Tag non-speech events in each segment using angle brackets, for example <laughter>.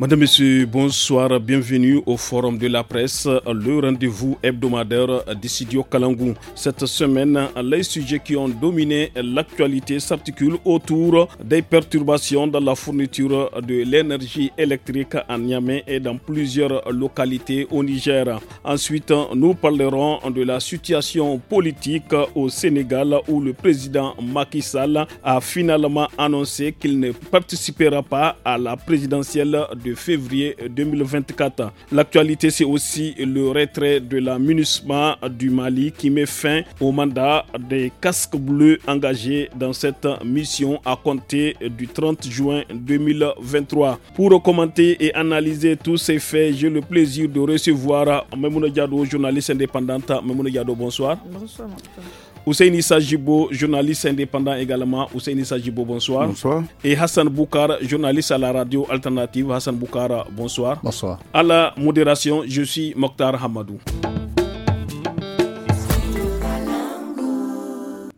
Madame, Monsieur, bonsoir, bienvenue au Forum de la presse, le rendez-vous hebdomadaire décidé au Kalangou. Cette semaine, les sujets qui ont dominé l'actualité s'articulent autour des perturbations dans la fourniture de l'énergie électrique à Niamey et dans plusieurs localités au Niger. Ensuite, nous parlerons de la situation politique au Sénégal où le président Macky Sall a finalement annoncé qu'il ne participera pas à la présidentielle février 2024. L'actualité, c'est aussi le retrait de la MINUSMA du Mali qui met fin au mandat des casques bleus engagés dans cette mission à compter du 30 juin 2023. Pour commenter et analyser tous ces faits, j'ai le plaisir de recevoir Memouna Diado, journaliste indépendante. Memouna Diado, bonsoir. Bonsoir, Nissa Jibo, journaliste indépendant également. Ousseini Sajibo, bonsoir. Bonsoir. Et Hassan Boukar, journaliste à la radio alternative. Hassan Boukar, bonsoir. Bonsoir. À la modération, je suis Mokhtar Hamadou.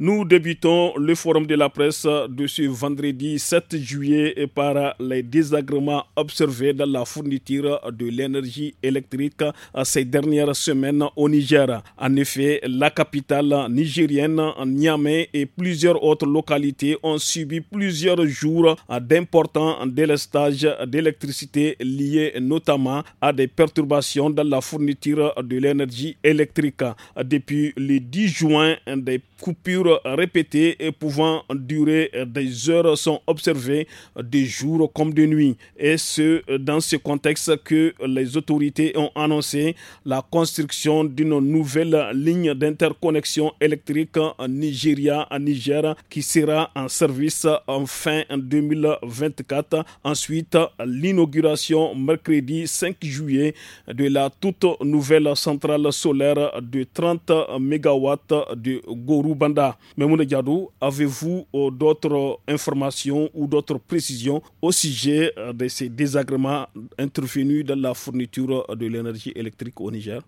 Nous débutons le forum de la presse de ce vendredi 7 juillet par les désagréments observés dans la fourniture de l'énergie électrique ces dernières semaines au Niger. En effet, la capitale nigérienne, Niamey et plusieurs autres localités ont subi plusieurs jours d'importants délestages d'électricité liés notamment à des perturbations dans la fourniture de l'énergie électrique. Depuis le 10 juin, des coupures répétées répétés et pouvant durer des heures sont observées des jours comme de nuit. Et ce dans ce contexte que les autorités ont annoncé la construction d'une nouvelle ligne d'interconnexion électrique Nigeria-Niger qui sera en service en fin 2024. Ensuite, l'inauguration mercredi 5 juillet de la toute nouvelle centrale solaire de 30 MW de Gorubanda. Mme Diadou, avez-vous euh, d'autres informations ou d'autres précisions au sujet euh, de ces désagréments intervenus dans la fourniture euh, de l'énergie électrique au Niger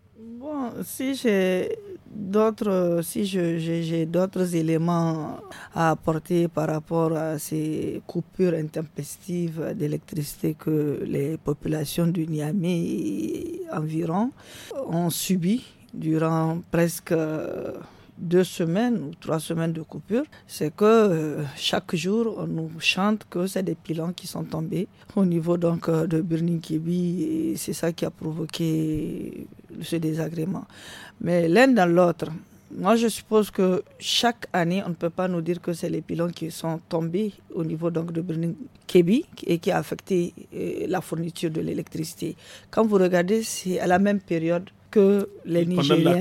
si j'ai d'autres j'ai d'autres éléments à apporter par rapport à ces coupures intempestives d'électricité que les populations du Niamey environ ont subi durant presque deux semaines ou trois semaines de coupure, c'est que euh, chaque jour, on nous chante que c'est des pilons qui sont tombés au niveau donc euh, de Burning Kibi et c'est ça qui a provoqué ce désagrément. Mais l'un dans l'autre, moi, je suppose que chaque année, on ne peut pas nous dire que c'est les pylons qui sont tombés au niveau donc de Burning Kebi et qui a affecté euh, la fourniture de l'électricité. Quand vous regardez, c'est à la même période que les Nigériens, la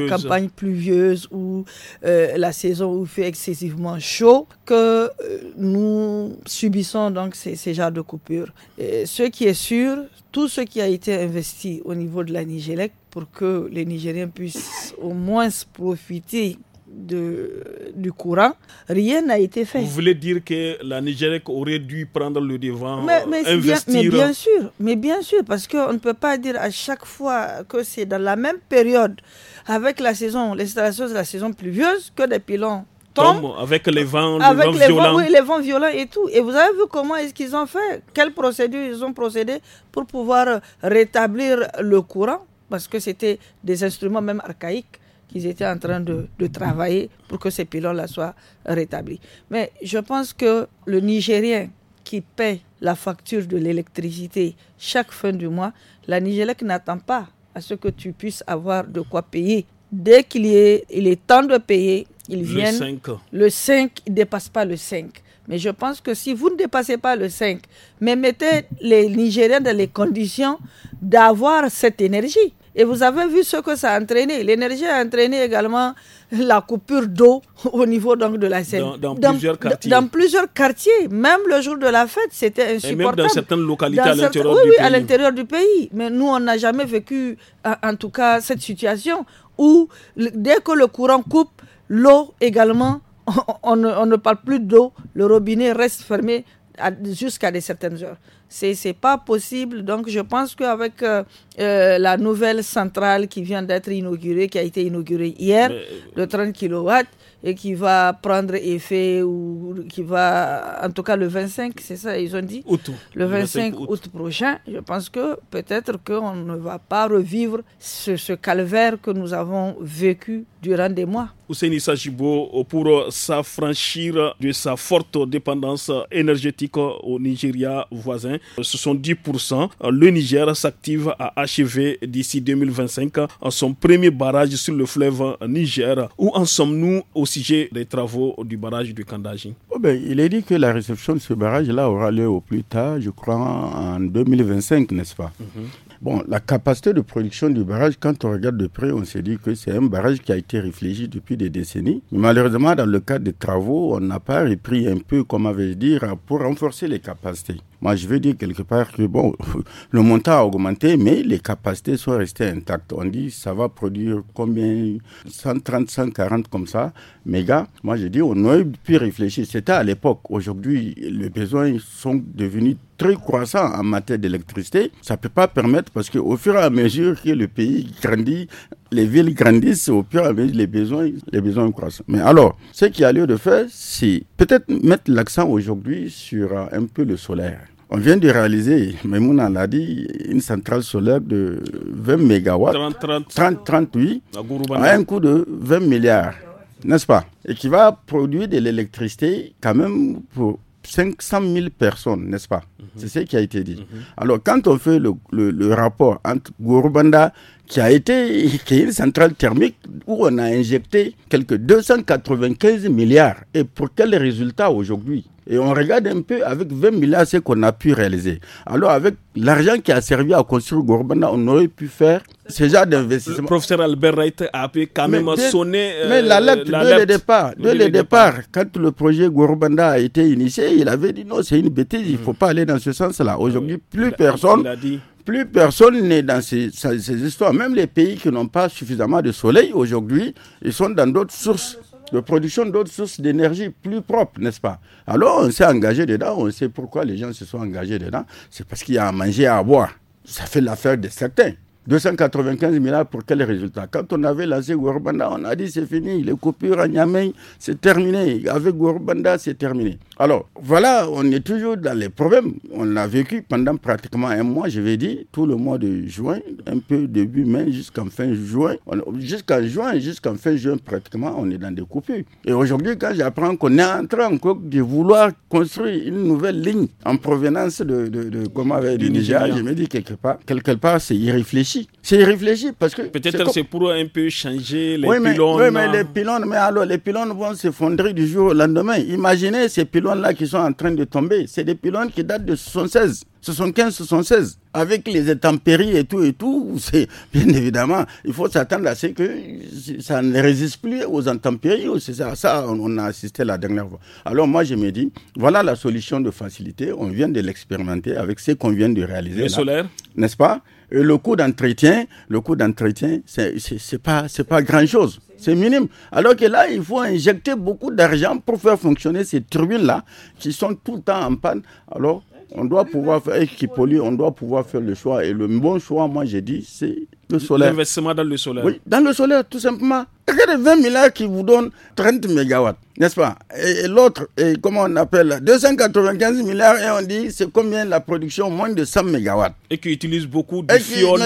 campagne, pluvieuse. ou euh, la saison où il fait excessivement chaud, que euh, nous subissons donc ces, ces genres de coupures. ce qui est sûr, tout ce qui a été investi au niveau de la Nigélec pour que les Nigériens puissent au moins profiter de, du courant, rien n'a été fait. Vous voulez dire que la Nigérie aurait dû prendre le devant, mais, investir bien, sûr, mais bien sûr, parce qu'on ne peut pas dire à chaque fois que c'est dans la même période, avec la saison, l'installation de la saison pluvieuse, que des pylons tombent. avec les vents, les avec les violents. Vents, violents et tout. Et vous avez vu comment est-ce qu'ils ont fait, Quelles procédures ils ont procédé pour pouvoir rétablir le courant, parce que c'était des instruments même archaïques ils étaient en train de, travailler pour que ces pylônes-là soient rétablis. Mais je pense que le Nigérien qui paie la facture de l'électricité chaque fin du mois, la Nigélec n'attend pas à ce que tu puisses avoir de quoi payer. Dès qu'il est, il est temps de payer, ils viennent. Le 5. Le 5, ne dépasse pas le 5. Mais je pense que si vous ne dépassez pas le 5, mais mettez les Nigériens dans les conditions d'avoir cette énergie. Et vous avez vu ce que ça a entraîné. L'énergie a entraîné également la coupure d'eau <laughs> au niveau donc de la Seine. Dans, plusieurs quartiers. Dans plusieurs quartiers. Même le jour de la fête, c'était insupportable. Et même dans certaines localités à l'intérieur du du oui, à l'intérieur du pays. Mais nous, on n'a jamais vécu, en tout cas, cette situation où dès que le courant coupe, l'eau également, <laughs> on, on ne parle plus d'eau. Le robinet reste fermé jusqu'à des certaines heures. C'est c'est pas possible. Donc je pense qu'avec euh, euh, la nouvelle centrale qui vient d'être inaugurée, qui a été inaugurée hier, le euh, de 30 kW et qui va prendre effet ou qui va en tout cas le 25, c'est ça ils ont dit. Le 25, août. prochain, je pense que peut-être qu'on ne va pas revivre ce, calvaire que nous avons vécu durant des mois. Hussein Sajibo, pour s'affranchir de sa forte dépendance énergétique au Nigeria voisin, ce sont 10%. le Niger s'active à achever d'ici 2025 son premier barrage sur le fleuve Niger. Où en sommes-nous au sujet des travaux du barrage du Kandaji oh ben, Il est dit que la réception de ce barrage-là aura lieu au plus tard, je crois, en 2025, n'est-ce pas mhm. Bon, la capacité de production du barrage, quand on regarde de près, on se dit que c'est un barrage qui a été réfléchi depuis des décennies. malheureusement, dans le cadre des travaux, on n'a pas repris un peu, comme avait dit, pour renforcer les capacités. Moi, je veux dire quelque part que, bon, <laughs> le montant a augmenté, mais les capacités sont restées intactes. On dit, ça va produire combien 130, 140 comme ça, méga. Moi, je dis, on aurait pu réfléchir. C'était à l'époque. Aujourd'hui, les besoins sont devenus très croissants en matière d'électricité. Ça ne peut pas permettre parce qu'au fur et à mesure que le pays grandit, les villes grandissent, au fur et à mesure les besoins, les besoins croissent. Mais alors, ce qu'il y a lieu de faire, c'est peut-être mettre l'accent aujourd'hui sur un peu le solaire. On vient de réaliser, Maimouna l'a dit, une centrale solaire de 20 MW, 30, 38, à un coût de 20 milliards, n'est-ce pas Et qui va produire de l'électricité quand même pour 500 000 personnes, n'est-ce pas mhm. C'est ce qui a été dit. Mhm. Alors, quand on fait le, rapport entre Gorubanda, qui a été une centrale thermique où on a injecté quelques 295 milliards, et pour quel résultat aujourd'hui et on regarde un peu avec 20 milliards ce qu'on a pu réaliser. Alors avec l'argent qui a servi à construire Gorubanda, on aurait pu faire ce genre d'investissement. Le professeur Albert Wright a pu quand même sonner. Euh, mais l'alerte, dès le départ, dès le départ, quand le projet Gorobanda a été initié, il avait dit non, c'est une bêtise, il ne mm. faut pas aller dans ce sens-là. Ah aujourd'hui, plus personne. plus personne n'est dans ces, ces, histoires. Même les pays qui n'ont pas suffisamment de soleil aujourd'hui, ils sont dans d'autres sources de production, d'autres sources d'énergie plus propres, n'est-ce pas Alors on s'est engagé dedans, on sait pourquoi les gens se sont engagés dedans. C'est parce qu'il y a à manger à boire. Ça fait l'affaire de certains. 295 milliards pour quel résultat Quand on avait lancé Gourbanda, on a dit c'est fini, les coupures à Niamey, c'est terminé. Avec Gourbanda, c'est terminé. Alors, voilà, on est toujours dans les problèmes. On a vécu pendant pratiquement un mois, je vais dire, tout le mois de juin, un peu début mai jusqu'en fin juin. Jusqu'en juin, jusqu'en fin juin, pratiquement, on est dans des coupures. Et aujourd'hui, quand j'apprends qu'on est en train de vouloir construire une nouvelle ligne en provenance de, comment du Niger, je me dis quelque part, quelque part, c'est irréfléchi. C'est irréfléchi parce que. Peut-être c'est pour un peu changer les pylônes. Oui, mais hein. les pylônes, mais alors, les pylônes vont s'effondrer du jour au lendemain. Imaginez ces pylônes pylônes-là qui sont en train de tomber, c'est des pylônes qui datent de 76. 75, 76, avec les intempéries et tout et tout, <laughs> c'est bien évidemment, il faut s'attendre à ce que ça ne résiste plus aux intempéries. C'est ça, ça on, a assisté la dernière fois. Alors moi, je me dis, voilà la solution de facilité. On vient de l'expérimenter avec ce qu'on vient de réaliser. Le solaire, n'est-ce pas et Le coût d'entretien, le coût d'entretien, c'est pas, c'est pas grand chose. C'est minime. Alors que là, il faut injecter beaucoup d'argent pour faire fonctionner ces turbines-là qui sont tout le temps en panne. Alors, on doit pouvoir faire, et qui pollue, on doit pouvoir faire le choix. Et le bon choix, moi, j'ai dit, c'est le solaire. L'investissement dans le soleil Oui, dans le solaire, tout simplement. Regardez 20 milliards qui vous donnent 30 mégawatts, n'est-ce pas Et, l'autre, comment on appelle 295 milliards, et on dit, c'est combien la production Moins de 100 mégawatts. Et qui utilise beaucoup de fioul,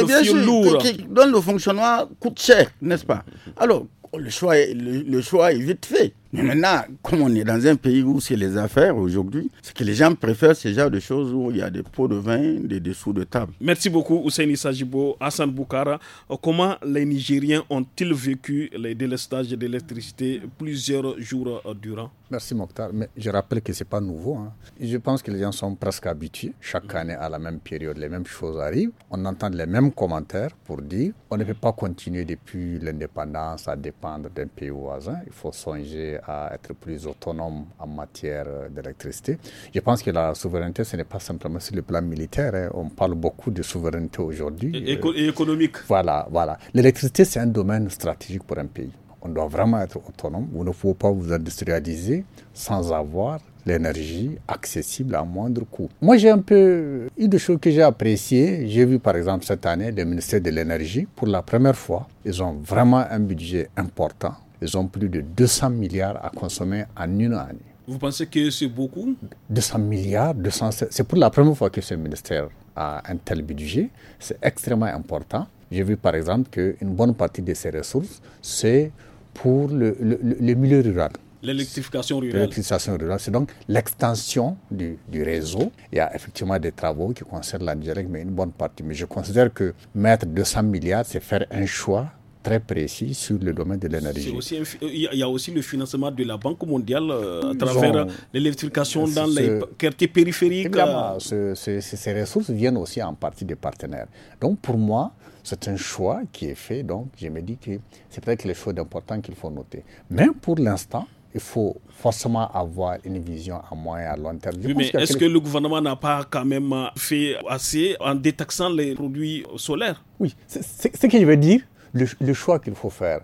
lourd. Qui, donne le fonctionnement coûte cher, n'est-ce pas Alors, le choix, le choix est vite fait. Mais maintenant, comme on est dans un pays où c'est les affaires aujourd'hui, c'est que les gens préfèrent ce genre de choses où il y a des pots de vin, des dessous de table. Merci beaucoup Ousseini Sajibo, Hassan Boukara. Euh, comment les Nigériens ont-ils vécu les délestages d'électricité plusieurs jours euh, durant Merci Mokhtar, mais je rappelle que ce n'est pas nouveau. Hein. Je pense que les gens sont presque habitués. Chaque année, à la même période, les mêmes choses arrivent. On entend les mêmes commentaires pour dire on ne peut pas continuer depuis l'indépendance à dépendre d'un pays voisin. Il faut songer à être plus autonome en matière d'électricité. Je pense que la souveraineté, ce n'est pas simplement sur le plan militaire. Hein. On parle beaucoup de souveraineté aujourd'hui. Et, économique. Voilà, voilà. L'électricité, c'est un domaine stratégique pour un pays. On doit vraiment être autonome. Vous ne pouvez pas vous industrialiser sans avoir l'énergie accessible à moindre coût. Moi, j'ai un peu une des choses que j'ai appréciées. J'ai vu, par exemple, cette année, le ministère de l'Énergie, pour la première fois, ils ont vraiment un budget important ils ont plus de 200 milliards à consommer en une année. Vous pensez que c'est beaucoup 200 milliards, 200... c'est pour la première fois que ce ministère a un tel budget. C'est extrêmement important. J'ai vu par exemple qu'une bonne partie de ces ressources, c'est pour le, le, milieu rural. L'électrification rurale. L'électrification rurale, c'est donc l'extension du, du, réseau. Il y a effectivement des travaux qui concernent la Nigeria, mais une bonne partie. Mais je considère que mettre 200 milliards, c'est faire un choix très précis sur le domaine de l'énergie. Euh, il y a aussi le financement de la Banque mondiale euh, à travers l'électrification dans les quartiers périphériques. Euh. ces ressources viennent aussi en partie des partenaires. Donc pour moi, c'est un choix qui est fait. Donc je me dis que c'est peut-être les choix importantes qu'il faut noter. Mais pour l'instant, il faut forcément avoir une vision à moyen et à long terme. mais est-ce que le gouvernement n'a pas quand même fait assez en détaxant les produits solaires Oui, c'est ce que je veux dire, le, choix qu'il faut faire.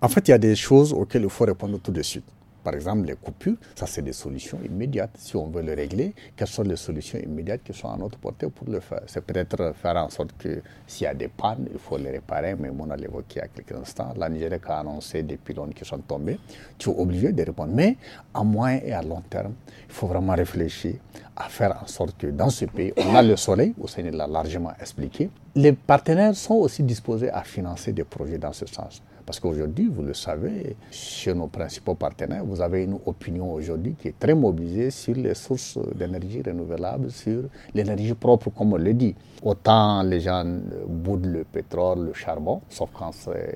en fait, il y a des choses auxquelles il faut répondre tout de suite. Par exemple, les coupures, ça c'est des solutions immédiates. Si on veut le régler, quelles sont les solutions immédiates qui sont à notre portée pour le faire C'est peut-être faire en sorte que s'il y a des pannes, il faut les réparer, mais on a l'évoqué il y a quelques instants. La Nigeria a annoncé des pylônes qui sont tombés. Tu es obligé de répondre. Mais à moyen et à long terme, il faut vraiment réfléchir à faire en sorte que dans ce pays, on a le soleil, au Seigneur l'a largement expliqué. Les partenaires sont aussi disposés à financer des projets dans ce sens. Parce qu'aujourd'hui, vous le savez, chez nos principaux partenaires, vous avez une opinion aujourd'hui qui est très mobilisée sur les sources d'énergie renouvelable, sur l'énergie propre, comme on le dit. Autant les gens boudent le pétrole, le charbon, sauf quand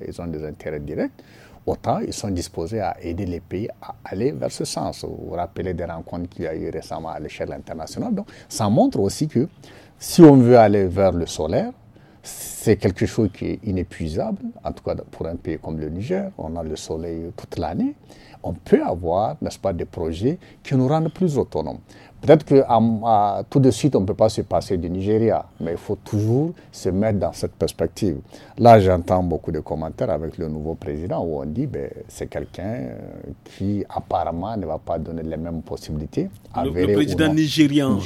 ils ont des intérêts directs, autant ils sont disposés à aider les pays à aller vers ce sens. Vous vous rappelez des rencontres qu'il y a eu récemment à l'échelle internationale. Donc, ça montre aussi que si on veut aller vers le solaire, c'est quelque chose qui est inépuisable, en tout cas pour un pays comme le Niger. On a le soleil toute l'année. On peut avoir, n'est-ce pas, des projets qui nous rendent plus autonomes. Peut-être que tout de suite, on ne peut pas se passer du Nigeria, mais il faut toujours se mettre dans cette perspective. Là, j'entends beaucoup de commentaires avec le nouveau président où on dit ben, c'est quelqu'un euh, qui apparemment ne va pas donner les mêmes possibilités. Le, président nigérian,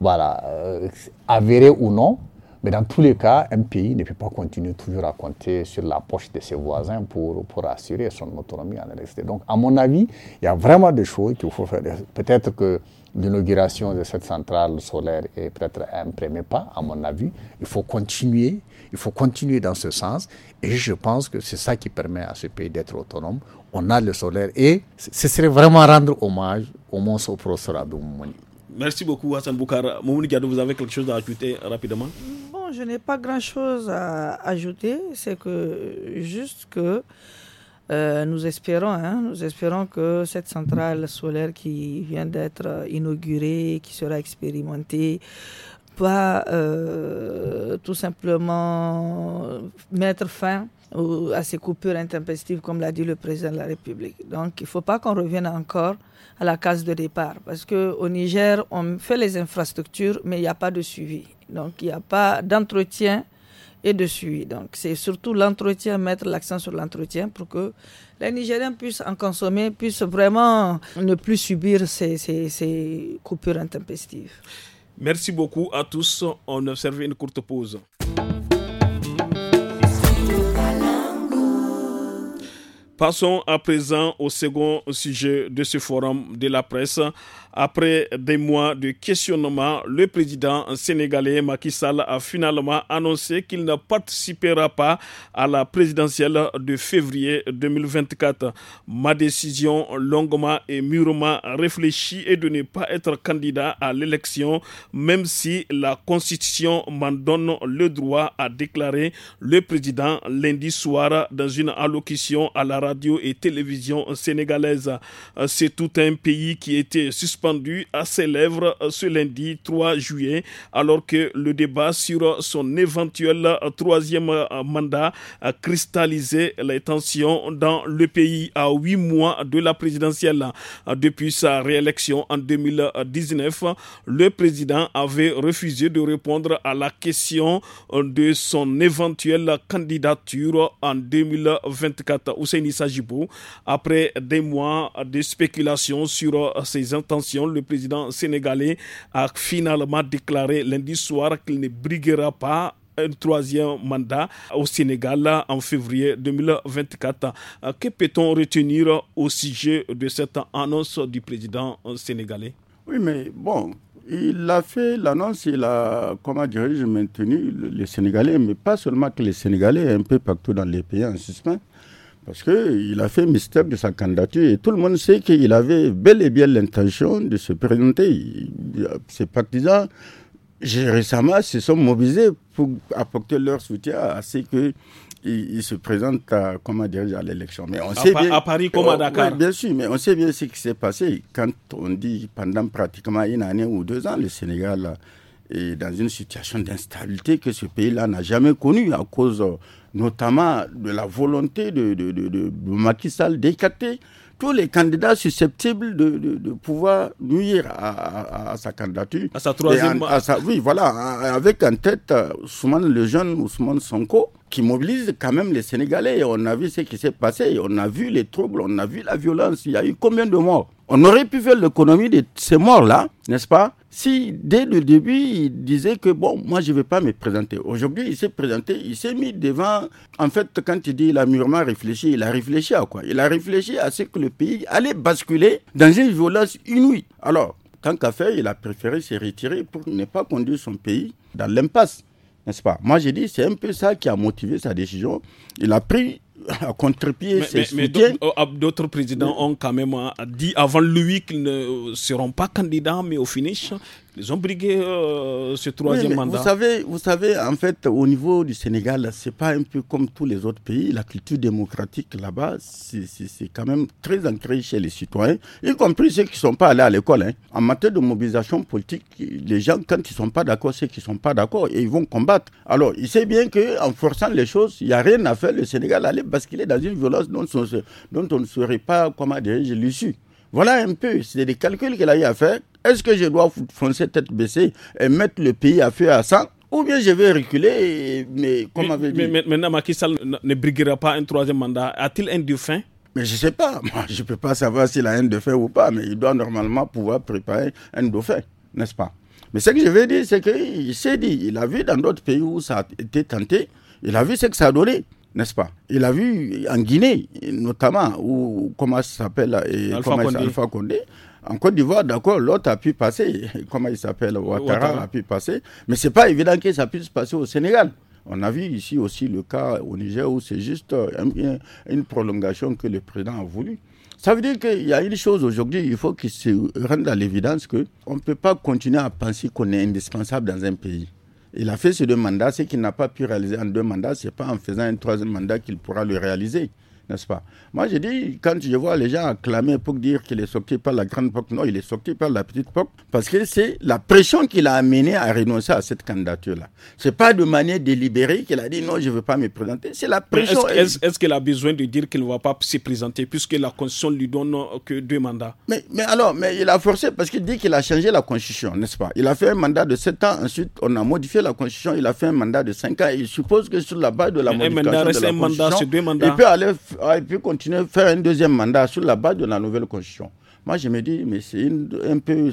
Voilà, euh, avéré ou non, mais dans tous les cas, un pays ne peut pas continuer toujours à compter sur la poche de ses voisins pour, pour assurer son autonomie en Donc, à mon avis, il y a vraiment des choses qu'il faut faire. Peut-être que l'inauguration de cette centrale solaire est peut-être un premier pas, à mon avis. Il faut continuer, il faut continuer dans ce sens. Et je pense que c'est ça qui permet à ce pays d'être autonome. On a le solaire et ce serait vraiment rendre hommage au monstre au professeur Merci beaucoup, Hassan Boukar. Mouni Gadou, vous avez quelque chose à ajouter rapidement Bon, je n'ai pas grand-chose à ajouter. C'est que juste que euh, nous espérons, hein, nous espérons que cette centrale solaire qui vient d'être inaugurée, qui sera expérimentée, pas euh, tout simplement mettre fin à ces coupures intempestives, comme l'a dit le président de la République. Donc, il ne faut pas qu'on revienne encore à la case de départ. Parce qu'au Niger, on fait les infrastructures, mais il n'y a pas de suivi. Donc, il n'y a pas d'entretien et de suivi. Donc, c'est surtout l'entretien, mettre l'accent sur l'entretien pour que les Nigériens puissent en consommer, puissent vraiment ne plus subir ces, coupures intempestives. Merci beaucoup à tous. On observe une courte pause. Passons à présent au second sujet de ce forum de la presse. Après des mois de questionnement, le président sénégalais Macky Sall a finalement annoncé qu'il ne participera pas à la présidentielle de février 2024. Ma décision longuement et mûrement réfléchie est de ne pas être candidat à l'élection, même si la Constitution m'en donne le droit, à déclarer le président lundi soir dans une allocution à la radio et télévision sénégalaise. C'est tout un pays qui était suspendu suspendu à ses lèvres euh, ce lundi 3 juillet, alors que le débat sur euh, son éventuel euh, troisième mandat a cristallisé les tensions dans le pays à huit mois de la présidentielle. Depuis sa réélection en 2019, le président avait refusé de répondre à la question de son éventuelle candidature en 2024. Hussein Sajibou, après des mois de spéculation sur ses intentions le président sénégalais a finalement déclaré lundi soir qu'il ne briguera pas un troisième mandat au Sénégal en février 2024. Que peut-on retenir au sujet de cette annonce du président sénégalais Oui, mais bon, il a fait l'annonce, il a, comment dirais-je, maintenu les Sénégalais, mais pas seulement que les Sénégalais, un peu partout dans les pays en suspens. Parce qu'il a fait mystère de sa candidature et tout le monde sait qu'il avait bel et bien l'intention de se présenter. Ses partisans, récemment, se sont mobilisés pour apporter leur soutien à ce que il, se présente à, comment dire, à l'élection. Mais on à, sait bien, à Paris comme à oh, Dakar. bien sûr, mais on sait bien ce qui s'est passé. Quand on dit pendant pratiquement une année ou deux ans, le Sénégal est dans une situation d'instabilité que ce pays-là n'a jamais connue à cause notamment de la volonté de, de, de, d'écarter tous les candidats susceptibles de, pouvoir nuire à, sa candidature. À sa troisième. à sa, oui, voilà, avec en tête euh, Ousmane le jeune, Ousmane Sonko, qui mobilise quand même les Sénégalais. on a vu ce qui s'est passé, on a vu les troubles, on a vu la violence, il y a eu combien de morts On aurait pu faire l'économie de ces morts-là, n'est-ce pas Si dès le début, il disait que, bon, moi, je ne vais pas me présenter. Aujourd'hui, il s'est présenté, il s'est mis devant... En fait, quand il dit il a mûrement réfléchi, il a réfléchi à quoi Il a réfléchi à ce que le pays allait basculer dans une violence inouïe. Alors, tant qu'à faire, il a préféré se retirer pour ne pas conduire son pays dans l'impasse. N'est-ce pas Moi, j'ai dit, c'est un peu ça qui a motivé sa décision. Il a pris à <laughs> contre-pied ses mais, euh, D'autres présidents ont quand même euh, dit avant lui qu'ils ne seront pas candidats, mais au finish, ils ont brigué euh, ce troisième mandat. Vous savez, vous savez, en fait, au niveau du Sénégal, c'est pas un peu comme tous les autres pays. La culture démocratique là-bas, c'est quand même très ancré chez les citoyens, y compris ceux qui ne sont pas allés à l'école. Hein. En matière de mobilisation politique, les gens, quand ils ne sont pas d'accord, c'est qu'ils ne sont pas d'accord et ils vont combattre. Alors, il sait bien qu'en forçant les choses, il n'y a rien à faire. Le Sénégal allait basculer dans une violence dont, on ne saurait pas, comment dire, l'issue. Voilà un peu, c'est des calculs qu'il a eu à faire. Est-ce que je dois foncer tête baissée et mettre le pays à feu à sang ou bien je vais reculer, mais comme avait dit. Mais, maintenant, Macky Sall ne briguera pas un troisième mandat. A-t-il un dauphin mais je ne sais pas, moi je ne peux pas savoir s'il a un dauphin ou pas, mais il doit normalement pouvoir préparer un dauphin, n'est-ce pas Mais ce que je veux dire, c'est qu'il s'est dit, il a vu dans d'autres pays où ça a été tenté, il a vu ce que ça a donné n'est-ce pas Il a vu en Guinée, notamment, où, comment ça s'appelle euh, Alpha, Condé. En Côte d'Ivoire, d'accord, l'autre a pu passer, <laughs> comment il s'appelle Ouattara, a pu passer, mais c'est pas évident que ça puisse passer au Sénégal. On a vu ici aussi le cas au Niger où c'est juste euh, une prolongation que le président a voulu. Ça veut dire qu'il y a une chose aujourd'hui, il faut qu'il se rende à l'évidence qu'on ne peut pas continuer à penser qu'on est indispensable dans un pays. Il a fait ses deux mandats. Ce qu'il n'a pas pu réaliser en deux mandats, ce n'est pas en faisant un troisième mandat qu'il pourra le réaliser n'est-ce pas Moi, je dis, quand je vois les gens acclamer pour dire qu'il est sorti par la grande POC, non, il est sorti par la petite POC, parce que c'est la pression qu'il a amené à renoncer à cette candidature-là. Ce n'est pas de manière délibérée qu'il a dit non, je ne veux pas me présenter, c'est la pression. Est-ce est ce qu'il a besoin de dire qu'il ne va pas se présenter, puisque la Constitution lui donne euh, que deux mandats mais, mais alors, mais il a forcé, parce qu'il dit qu'il a changé la Constitution, n'est-ce pas Il a fait un mandat de 7 ans, ensuite on a modifié la Constitution, il a fait un mandat de 5 ans, et il suppose que sur la base de la modification Constitution, il peut aller a ah, il peut continuer faire un deuxième mandat sur la base de la nouvelle constitution. Moi, je me dis, mais c'est un peu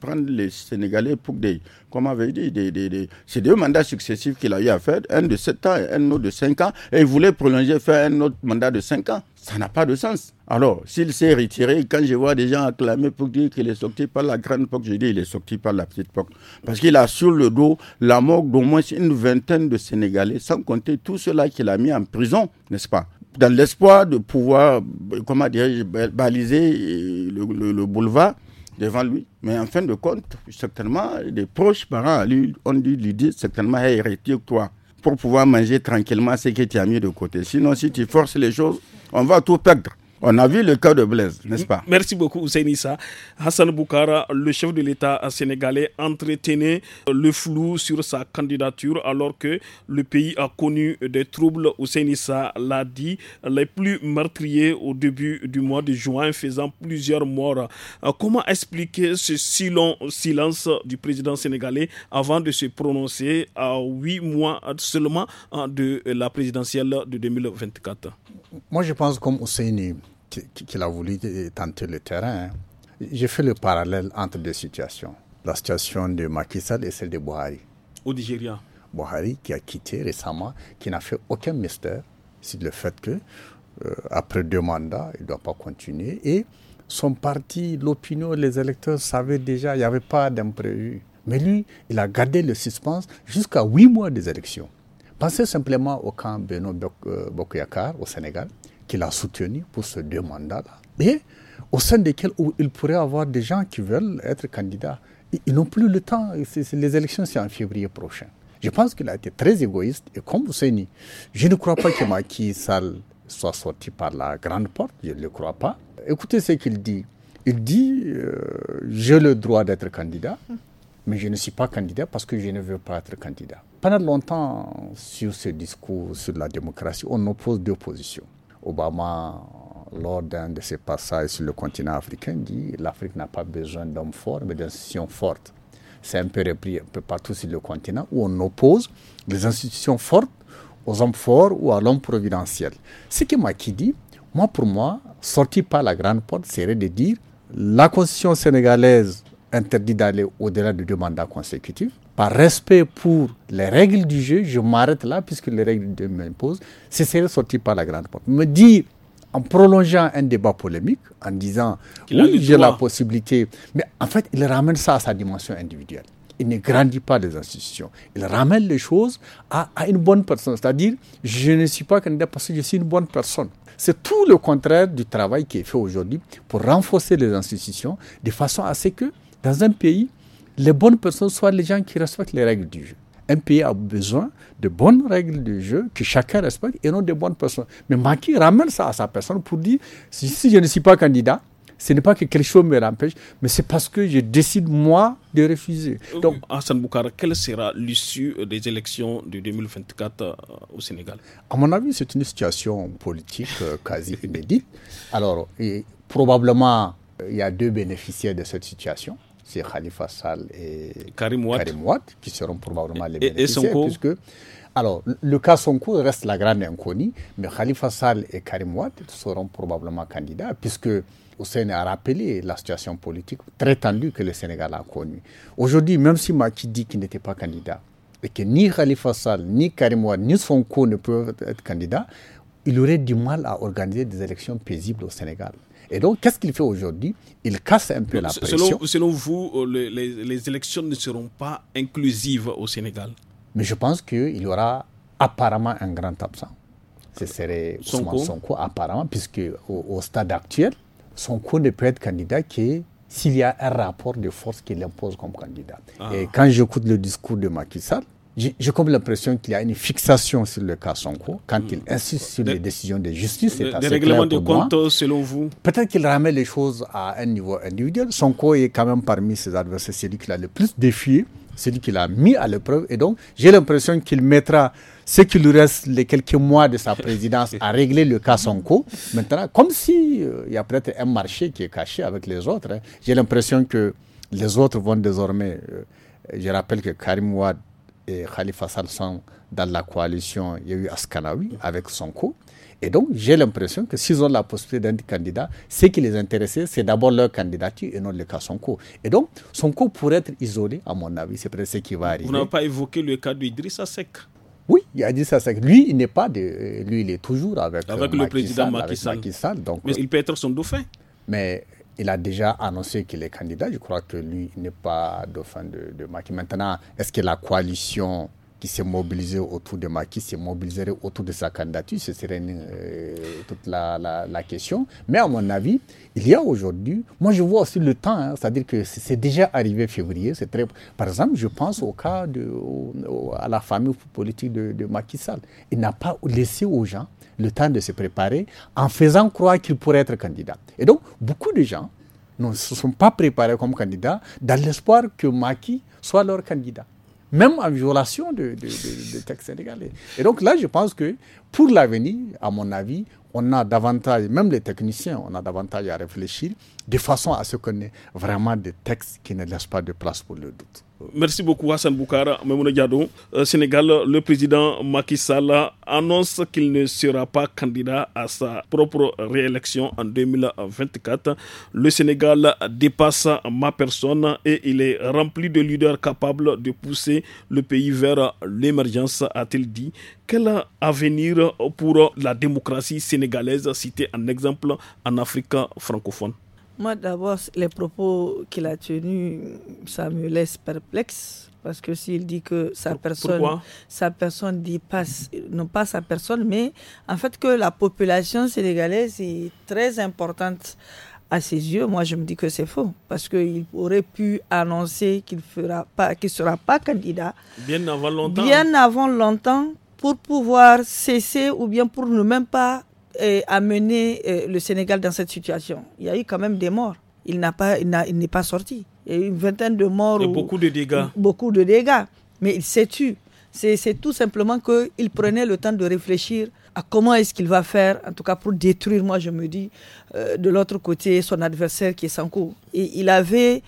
prendre les Sénégalais pour des, comment avait dit, des, c'est deux mandats successifs qu'il a eu à faire, un de 7 ans et un autre de 5 ans, et il voulait prolonger, faire un autre mandat de 5 ans. Ça n'a pas de sens. Alors, s'il s'est retiré, quand je vois des gens acclamer pour dire qu'il est sorti par la grande POC, je dis qu'il est sorti par la petite POC. Parce qu'il a sur le dos la mort d'au moins une vingtaine de Sénégalais, sans compter tout cela qu'il a mis en prison, n'est-ce pas dans l'espoir de pouvoir, comment dire, baliser euh, le, boulevard devant lui. Mais en fin de compte, certainement, des proches parents lui ont dû lui dire certainement, hey, toi pour pouvoir manger tranquillement ce que tu as mis de côté. Sinon, si tu forces les choses, on va tout perdre. On a vu le cas de Blaise, n'est-ce pas Merci beaucoup, Ousseinissa. Hassan Boukara, le chef de l'État sénégalais, entretenait le flou sur sa candidature alors que le pays a connu des troubles, Ousseinissa l'a dit, les plus meurtriers au début du mois de juin, faisant plusieurs morts. Comment expliquer ce si long silence du président sénégalais avant de se prononcer à huit mois seulement de la présidentielle de 2024 Moi, je pense comme Ousseini, qu'il a voulu tenter le terrain. Hein. J'ai fait le parallèle entre deux situations. La situation de Macky Sall et celle de Buhari. Au Nigeria. Buhari qui a quitté récemment, qui n'a fait aucun mystère sur le fait que, euh, après deux mandats, il ne doit pas continuer. Et son parti, l'opinion, les électeurs savaient déjà, il n'y avait pas d'imprévu. Mais lui, il a gardé le suspense jusqu'à huit mois des élections. Pensez simplement au camp Beno Bokoyakar euh, au Sénégal, qu'il a soutenu pour ces deux mandats-là, et au sein desquels il pourrait avoir des gens qui veulent être candidats. Ils n'ont plus le temps, les élections c'est en février prochain. Je pense qu'il a été très égoïste et comme vous savez, je ne crois pas que Macky Sall soit sorti par la grande porte, je ne le crois pas. Écoutez ce qu'il dit. Il dit euh, j'ai le droit d'être candidat, mais je ne suis pas candidat parce que je ne veux pas être candidat. Pendant longtemps, sur ce discours sur la démocratie, on oppose deux positions. Obama, lors d'un de ses passages sur le continent africain, dit l'Afrique n'a pas besoin d'hommes forts, mais d'institutions fortes. C'est un peu repris un peu partout sur le continent où on oppose les institutions fortes aux hommes forts ou à l'homme providentiel. Ce que qui dit, moi pour moi, sortir par la grande porte serait de dire la constitution sénégalaise interdit d'aller au-delà de deux mandats consécutifs par respect pour les règles du jeu, je m'arrête là puisque les règles du jeu m'imposent, ce sorti par la grande porte. Me dire, en prolongeant un débat polémique, en disant, oui, j'ai la possibilité, mais en fait, il ramène ça à sa dimension individuelle. Il ne grandit pas les institutions. Il ramène les choses à, à une bonne personne. C'est-à-dire, je ne suis pas candidat parce que je suis une bonne personne. C'est tout le contraire du travail qui est fait aujourd'hui pour renforcer les institutions de façon à ce que, dans un pays, les bonnes personnes soient les gens qui respectent les règles du jeu. Un pays a besoin de bonnes règles du jeu que chacun respecte et non de bonnes personnes. Mais Maki ramène ça à sa personne pour dire si, je ne suis pas candidat, ce n'est pas que quelque chose me l'empêche, mais c'est parce que je décide moi de refuser. Euh, Donc, Hassan Boukara, quelle sera l'issue des élections de 2024 euh, au Sénégal À mon avis, c'est une situation politique euh, quasi inédite. Alors, probablement, il y a deux bénéficiaires de cette situation c'est Khalifa Sall et Karim Ouatt qui seront probablement les bénéficiaires. puisque, alors, le cas Sonko reste la grande inconnue, mais Khalifa Sall et Karim Ouad seront probablement candidats, puisque Hussein a rappelé la situation politique très tendue que le Sénégal a connue. Aujourd'hui, même si Maki dit qu'il n'était pas candidat, et que ni Khalifa Sall, ni Karim Ouatt ni Sonko ne peuvent être candidats, il aurait du mal à organiser des élections paisibles au Sénégal. Et donc, qu'est-ce qu'il fait aujourd'hui Il casse un peu la pression. Selon vous, euh, les, élections ne seront pas inclusives au Sénégal Mais je pense qu'il y aura apparemment un grand absent. Ce serait son Sonko, apparemment, puisque au, stade actuel, son Sonko ne peut être candidat que s'il y a un rapport de force qui l'impose comme candidat. Ah. Et quand j'écoute le discours de Macky Sall, j'ai comme l'impression qu'il y a une fixation sur le cas Sonko quand mm. il insiste sur les décisions de justice. Des règlements de compte, euh, selon vous Peut-être qu'il ramène les choses à un niveau individuel. Sonko est quand même parmi ses adversaires celui qu'il a le plus défié, celui qu'il a mis à l'épreuve. Et donc, j'ai l'impression qu'il mettra ce qu'il lui reste les quelques mois de sa <laughs> présidence à régler le cas Sonko. Maintenant, comme s'il euh, il y a peut-être un marché qui est caché avec les autres, hein. j'ai l'impression que les autres vont désormais. Euh, je rappelle que Karim Ouad et Khalifa Salsan dans la coalition, il y a eu Askanawi avec Sonko. Et donc, j'ai l'impression que s'ils ont la possibilité d'un candidat, ce qui les intéressait, c'est d'abord leur candidature et non le cas Sonko. Et donc, Sonko pourrait être isolé, à mon avis, c'est presque ce qui va arriver. Vous n'avez pas évoqué le cas d'Idrissa Sek oui, il a dit ça. lui, il n'est pas de, lui, il est toujours avec, avec euh, le président Macky Sall donc, mais il peut être son dauphin. Mais il a déjà annoncé qu'il est candidat. Je crois que lui n'est pas dauphin de, de Maintenant, est-ce que la coalition s'est mobilisé autour de Macky, s'est mobilisé autour de sa candidature, ce serait euh, toute la, question. Mais à mon avis, il y a aujourd'hui, moi je vois aussi le temps, hein, c'est-à-dire que c'est déjà arrivé février, c'est très... Par exemple, je pense au cas de, à la famille politique de, de Macky Sall. Il n'a pas laissé aux gens le temps de se préparer en faisant croire qu'il pourrait être candidat. Et donc, beaucoup de gens ne se sont pas préparés comme candidat dans l'espoir que Macky soit leur candidat même en violation de, de, textes sénégalais. Et donc là, je pense que pour l'avenir, à mon avis, on a davantage, même les techniciens, on a davantage à réfléchir de façon à ce qu'on ait vraiment des textes qui ne laissent pas de place pour le doute. Merci beaucoup Hassan Boukara, Memouna euh, Sénégal, le président Macky Sall annonce qu'il ne sera pas candidat à sa propre réélection en 2024. Le Sénégal dépasse ma personne et il est rempli de leaders capables de pousser le pays vers l'émergence, a-t-il dit. Quel avenir pour la démocratie sénégalaise sénégalaise un en exemple en Afrique francophone Moi d'abord, les propos qu'il a tenus, ça me laisse perplexe. Parce que s'il dit que sa personne, sa personne dit pas, non pas sa personne, mais en fait que la population sénégalaise est très importante à ses yeux, moi je me dis que c'est faux parce qu'il aurait pu annoncer qu'il fera pas, qu'il sera pas candidat bien avant longtemps, bien avant longtemps pour pouvoir cesser ou bien pour ne même pas euh, amené euh, le Sénégal dans cette situation Il y a eu quand même des morts. Il n'est pas, il n'est pas sorti. Il y a eu une vingtaine de morts. beaucoup de dégâts. Beaucoup de dégâts. Mais il s'est tué. C'est tout simplement qu'il prenait le temps de réfléchir à comment est-ce qu'il va faire, en tout cas pour détruire, moi je me dis, euh, de l'autre côté, son adversaire qui est sans Et il avait,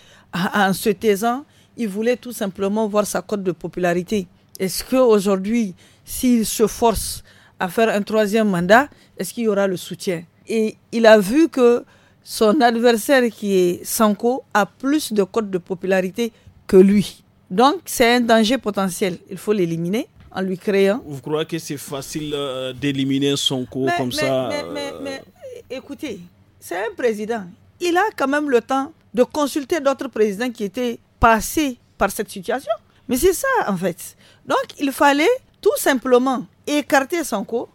en se taisant, il voulait tout simplement voir sa cote de popularité. Est-ce qu'aujourd'hui, s'il se force à faire un troisième mandat, est-ce qu'il y aura le soutien Et il a vu que son adversaire qui est Sanko a plus de cote de popularité que lui. Donc c'est un danger potentiel. Il faut l'éliminer en lui créant. Vous croyez que c'est facile euh, d'éliminer Sanko comme ça euh, mais écoutez, c'est un président. Il a quand même le temps de consulter d'autres présidents qui étaient passés par cette situation. Mais c'est ça en fait. Donc il fallait tout simplement, écarter Sanko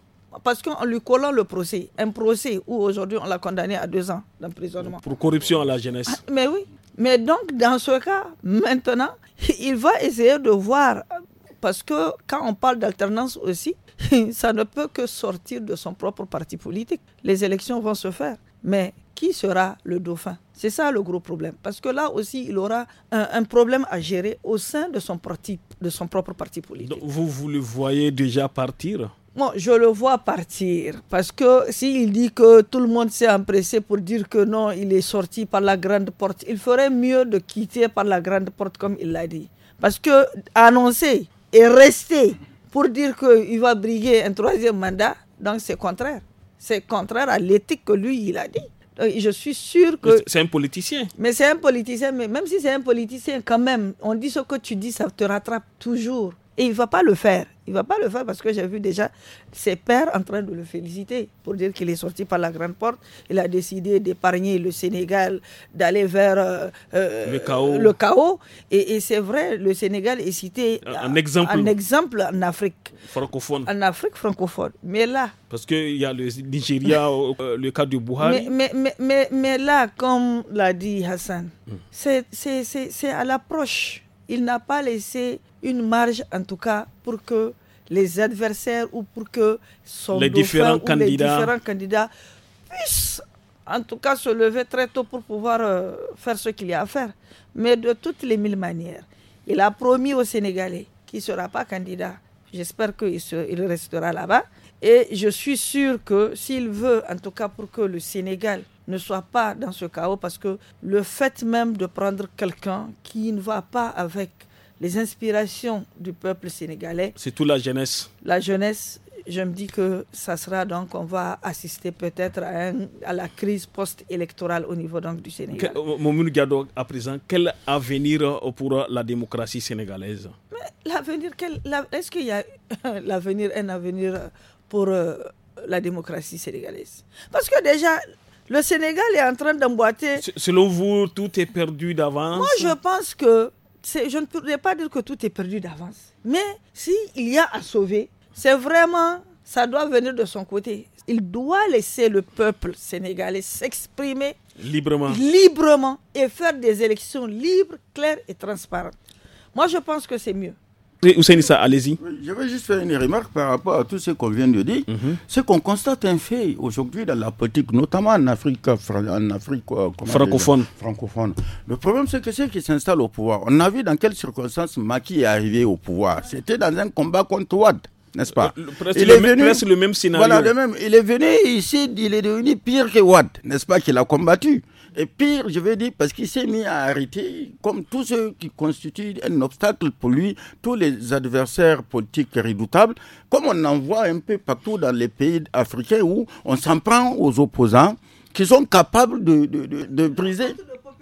parce qu'en lui collant le procès, un procès où aujourd'hui on l'a condamné à deux ans d'emprisonnement. Pour corruption à la jeunesse. Ah, mais oui. Mais donc, dans ce cas, maintenant, <laughs> il va essayer de voir, parce que quand on parle d'alternance aussi, <laughs> ça ne peut que sortir de son propre parti politique. Les élections vont se faire. Mais qui sera le dauphin C'est ça le gros problème. Parce que là aussi, il aura un, problème à gérer au sein de son, parti, de son propre parti politique. vous, vous le voyez déjà partir Moi, je le vois partir parce que s'il dit que tout le monde s'est empressé pour dire que non, il est sorti par la grande porte, il ferait mieux de quitter par la grande porte comme il l'a dit. Parce que annoncer et rester pour dire qu'il va briguer un troisième mandat, donc c'est contraire. C'est contraire à l'éthique que lui, il a dit. Euh, je suis sûr que. C'est un politicien. Mais c'est un politicien, mais même si c'est un politicien, quand même, on dit ce que tu dis, ça te rattrape toujours. Et il ne va pas le faire. Il ne va pas le faire parce que j'ai vu déjà ses pères en train de le féliciter pour dire qu'il est sorti par la grande porte. Il a décidé d'épargner le Sénégal, d'aller vers euh, euh, le chaos. Le chaos. Et, c'est vrai, le Sénégal est cité un, exemple. En exemple en Afrique. Francophone. En Afrique francophone. Mais là. Parce qu'il y a le Nigeria, <laughs> euh, le cas du Buhari. Mais, mais, mais, là, comme l'a dit Hassan, hmm. c'est à l'approche il n'a pas laissé une marge, en tout cas, pour que les adversaires ou pour que les, différents, candidats. puissent, en tout cas, se lever très tôt pour pouvoir euh, faire ce qu'il y a à faire. Mais de toutes les mille manières, il a promis aux Sénégalais qu'il ne sera pas candidat. J'espère qu'il il restera là-bas. Et je suis sûr que s'il veut, en tout cas pour que le Sénégal ne soit pas dans ce chaos parce que le fait même de prendre quelqu'un qui ne va pas avec les inspirations du peuple sénégalais. C'est tout la jeunesse. La jeunesse, je me dis que ça sera donc, on va assister peut-être à, à, la crise post-électorale au niveau donc du Sénégal. Euh, Momoun à présent, quel avenir euh, pour euh, la démocratie sénégalaise L'avenir, est-ce qu'il y a <laughs> l'avenir, un avenir pour la démocratie sénégalaise Parce que déjà, le Sénégal est en train d'emboîter. Selon vous, tout est perdu d'avance Moi, je pense que je ne pourrais pas dire que tout est perdu d'avance. Mais s'il il y a à sauver, c'est vraiment, ça doit venir de son côté. Il doit laisser le peuple sénégalais s'exprimer librement. librement et faire des élections libres, claires et transparentes. Moi, je pense que c'est mieux allez-y. Je vais juste faire une remarque par rapport à tout ce qu'on vient de dire. Ce mhm. C'est qu'on constate un fait aujourd'hui dans la politique, notamment en Afrique, en Afrique euh, francophone. francophone. Le problème, c'est que ceux qui s'installent au pouvoir, on a vu dans quelles circonstances Maki est arrivé au pouvoir. C'était dans un combat contre Ouad n'est-ce pas euh, il est venu, le même scénario. Voilà, le même. Il est venu ici, il est devenu pire que Wad, n'est-ce pas, qu'il a combattu. Et pire, je veux dire, parce qu'il s'est mis à arrêter, comme tous ceux qui constituent un obstacle pour lui, tous les adversaires politiques redoutables, comme on en voit un peu partout dans les pays africains où on s'en prend aux opposants qui sont capables de, de, de, de briser.